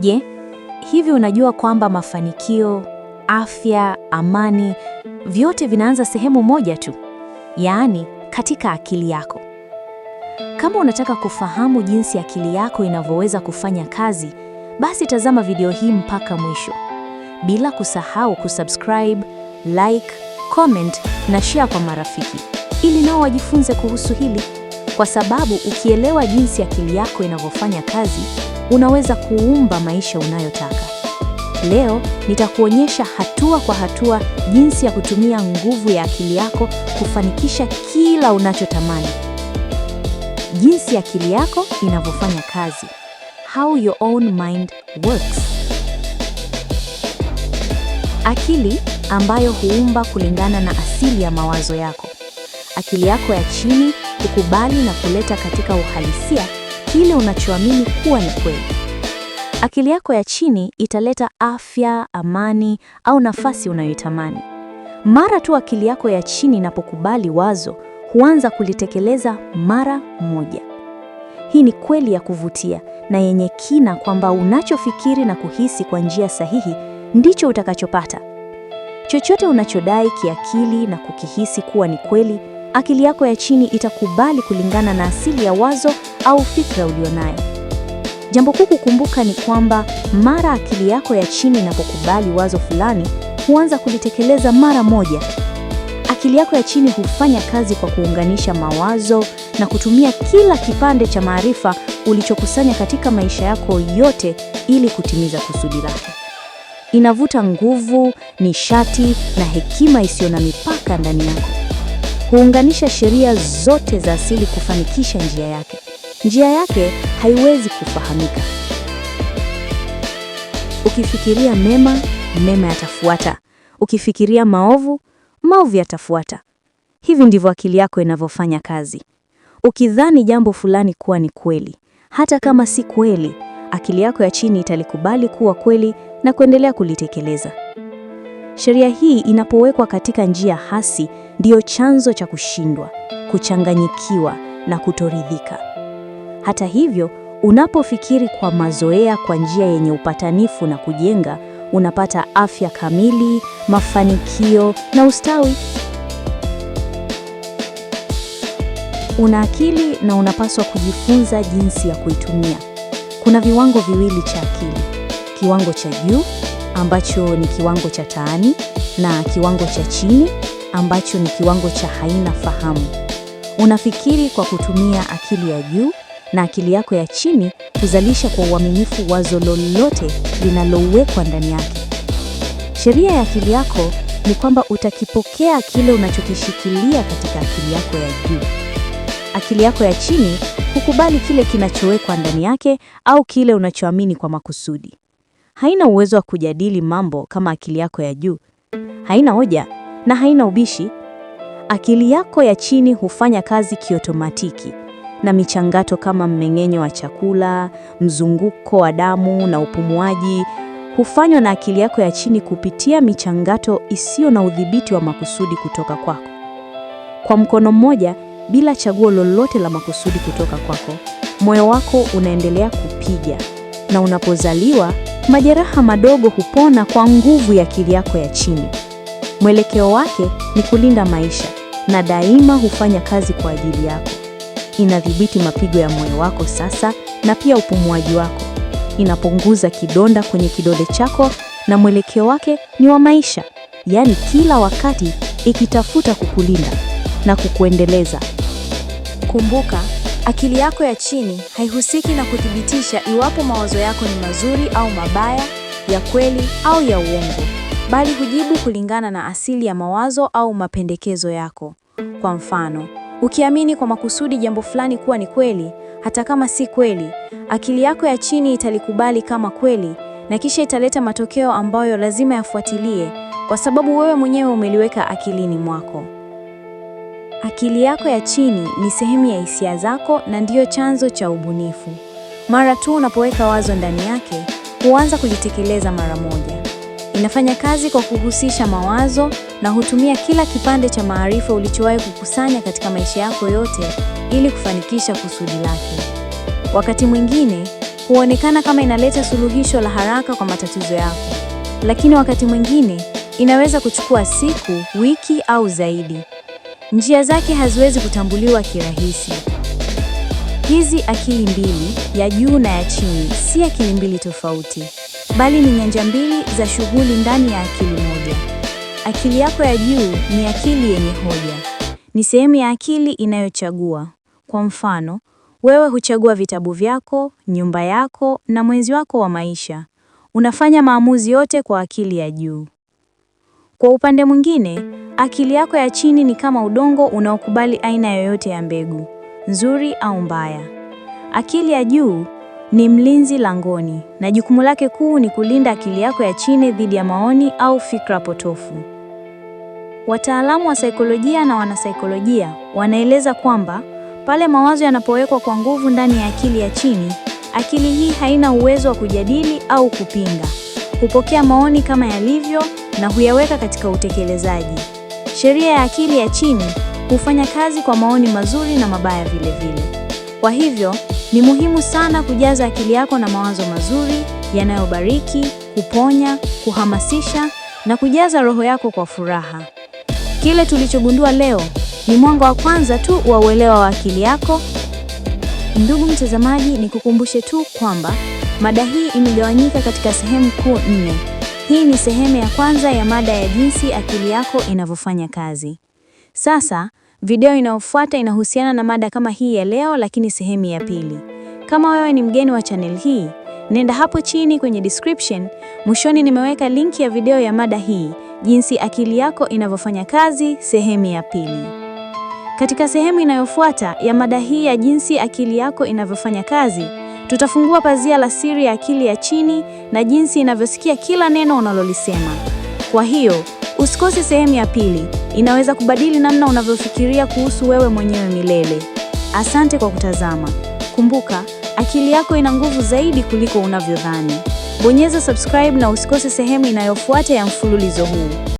Je, hivi unajua kwamba mafanikio, afya, amani vyote vinaanza sehemu moja tu, yaani katika akili yako. Kama unataka kufahamu jinsi akili yako inavyoweza kufanya kazi, basi tazama video hii mpaka mwisho, bila kusahau kusubscribe, like, comment na share kwa marafiki ili nao wajifunze kuhusu hili kwa sababu ukielewa jinsi akili yako inavyofanya kazi, unaweza kuumba maisha unayotaka. Leo nitakuonyesha hatua kwa hatua jinsi ya kutumia nguvu ya akili yako kufanikisha kila unachotamani. Jinsi akili yako inavyofanya kazi, how your own mind works. Akili ambayo huumba kulingana na asili ya mawazo yako. Akili yako ya chini kukubali na kuleta katika uhalisia kile unachoamini kuwa ni kweli. Akili yako ya chini italeta afya, amani au nafasi unayoitamani. Mara tu akili yako ya chini inapokubali wazo, huanza kulitekeleza mara moja. Hii ni kweli ya kuvutia na yenye kina kwamba unachofikiri na kuhisi kwa njia sahihi ndicho utakachopata. Chochote unachodai kiakili na kukihisi kuwa ni kweli akili yako ya chini itakubali kulingana na asili ya wazo au fikra ulionayo. Jambo kuu kukumbuka ni kwamba mara akili yako ya chini inapokubali wazo fulani, huanza kulitekeleza mara moja. Akili yako ya chini hufanya kazi kwa kuunganisha mawazo na kutumia kila kipande cha maarifa ulichokusanya katika maisha yako yote ili kutimiza kusudi lako. Inavuta nguvu, nishati na hekima isiyo na mipaka ndani yako huunganisha sheria zote za asili kufanikisha njia yake. Njia yake haiwezi kufahamika. Ukifikiria mema, mema yatafuata. Ukifikiria maovu, maovu yatafuata. Hivi ndivyo akili yako inavyofanya kazi. Ukidhani jambo fulani kuwa ni kweli, hata kama si kweli, akili yako ya chini italikubali kuwa kweli na kuendelea kulitekeleza. Sheria hii inapowekwa katika njia hasi, ndiyo chanzo cha kushindwa, kuchanganyikiwa na kutoridhika. Hata hivyo, unapofikiri kwa mazoea kwa njia yenye upatanifu na kujenga, unapata afya kamili, mafanikio na ustawi. Una akili na unapaswa kujifunza jinsi ya kuitumia. Kuna viwango viwili cha akili: kiwango cha juu ambacho ni kiwango cha taani na kiwango cha chini ambacho ni kiwango cha haina fahamu. Unafikiri kwa kutumia akili ya juu na akili yako ya chini kuzalisha kwa uaminifu wazo lolote linalowekwa ndani yake. Sheria ya akili yako ni kwamba utakipokea kile unachokishikilia katika akili yako ya juu. Akili yako ya chini hukubali kile kinachowekwa ndani yake au kile unachoamini kwa makusudi haina uwezo wa kujadili mambo kama akili yako ya juu. Haina hoja na haina ubishi. Akili yako ya chini hufanya kazi kiotomatiki na michangato kama mmeng'enyo wa chakula, mzunguko wa damu na upumuaji hufanywa na akili yako ya chini kupitia michangato isiyo na udhibiti wa makusudi kutoka kwako. Kwa mkono mmoja, bila chaguo lolote la makusudi kutoka kwako, moyo wako unaendelea kupiga na unapozaliwa, majeraha madogo hupona kwa nguvu ya akili yako ya chini. Mwelekeo wake ni kulinda maisha na daima hufanya kazi kwa ajili yako. Inadhibiti mapigo ya moyo wako sasa na pia upumuaji wako. Inapunguza kidonda kwenye kidole chako na mwelekeo wake ni wa maisha, yaani kila wakati ikitafuta kukulinda na kukuendeleza. Kumbuka, Akili yako ya chini haihusiki na kuthibitisha iwapo mawazo yako ni mazuri au mabaya, ya kweli au ya uongo, bali hujibu kulingana na asili ya mawazo au mapendekezo yako. Kwa mfano, ukiamini kwa makusudi jambo fulani kuwa ni kweli, hata kama si kweli, akili yako ya chini italikubali kama kweli na kisha italeta matokeo ambayo lazima yafuatilie, kwa sababu wewe mwenyewe umeliweka akilini mwako. Akili yako ya chini ni sehemu ya hisia zako na ndiyo chanzo cha ubunifu. Mara tu unapoweka wazo ndani yake, huanza kujitekeleza mara moja. Inafanya kazi kwa kuhusisha mawazo na hutumia kila kipande cha maarifa ulichowahi kukusanya katika maisha yako yote ili kufanikisha kusudi lake. Wakati mwingine huonekana kama inaleta suluhisho la haraka kwa matatizo yako, lakini wakati mwingine inaweza kuchukua siku, wiki au zaidi njia zake haziwezi kutambuliwa kirahisi. Hizi akili mbili, ya juu na ya chini, si akili mbili tofauti, bali ni nyanja mbili za shughuli ndani ya akili moja. Akili yako ya juu ni akili yenye hoja, ni sehemu ya akili inayochagua. Kwa mfano, wewe huchagua vitabu vyako, nyumba yako na mwenzi wako wa maisha. Unafanya maamuzi yote kwa akili ya juu. Kwa upande mwingine, Akili yako ya chini ni kama udongo unaokubali aina yoyote ya mbegu, nzuri au mbaya. Akili ya juu ni mlinzi langoni, na jukumu lake kuu ni kulinda akili yako ya chini dhidi ya maoni au fikra potofu. Wataalamu wa saikolojia na wanasaikolojia wanaeleza kwamba pale mawazo yanapowekwa kwa nguvu ndani ya akili ya chini, akili hii haina uwezo wa kujadili au kupinga, hupokea maoni kama yalivyo na huyaweka katika utekelezaji. Sheria ya akili ya chini hufanya kazi kwa maoni mazuri na mabaya vilevile. Kwa hivyo, ni muhimu sana kujaza akili yako na mawazo mazuri yanayobariki, kuponya, kuhamasisha na kujaza roho yako kwa furaha. Kile tulichogundua leo ni mwanga wa kwanza tu wa uelewa wa akili yako. Ndugu mtazamaji, nikukumbushe tu kwamba mada hii imegawanyika katika sehemu kuu nne. Hii ni sehemu ya kwanza ya mada ya jinsi akili yako inavyofanya kazi. Sasa video inayofuata inahusiana na mada kama hii ya leo, lakini sehemu ya pili. Kama wewe ni mgeni wa channel hii, nenda hapo chini kwenye description. Mwishoni nimeweka linki ya video ya mada hii, jinsi akili yako inavyofanya kazi, sehemu ya pili. Katika sehemu inayofuata ya mada hii ya jinsi akili yako inavyofanya kazi Tutafungua pazia la siri ya akili ya chini na jinsi inavyosikia kila neno unalolisema. Kwa hiyo, usikose sehemu ya pili. Inaweza kubadili namna unavyofikiria kuhusu wewe mwenyewe milele. Asante kwa kutazama. Kumbuka, akili yako ina nguvu zaidi kuliko unavyodhani. Bonyeza subscribe na usikose sehemu inayofuata ya mfululizo huu.